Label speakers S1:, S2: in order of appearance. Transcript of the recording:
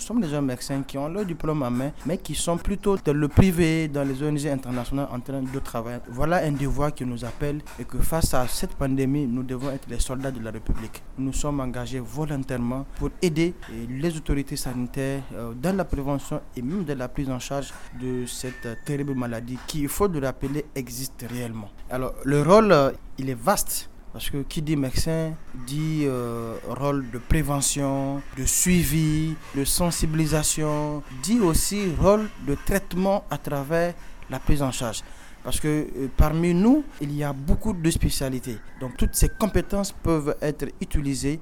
S1: nous sommes des jeunes médecins qui ont leur diplôme en main, mais qui sont plutôt dans le privé, dans les ONG internationales en train de travailler. Voilà un devoir qui nous appelle et que face à cette pandémie, nous devons être les soldats de la République. Nous sommes engagés volontairement pour aider les autorités sanitaires euh, dans la prévention et même dans la prise en charge de cette terrible maladie qui, il faut le rappeler, existe réellement. Alors, le rôle, euh, il est vaste parce que qui dit médecin dit euh, rôle de prévention, de suivi, de sensibilisation, dit aussi rôle de traitement à travers la prise en charge. Parce que euh, parmi nous, il y a beaucoup de spécialités. Donc toutes ces compétences
S2: peuvent être utilisées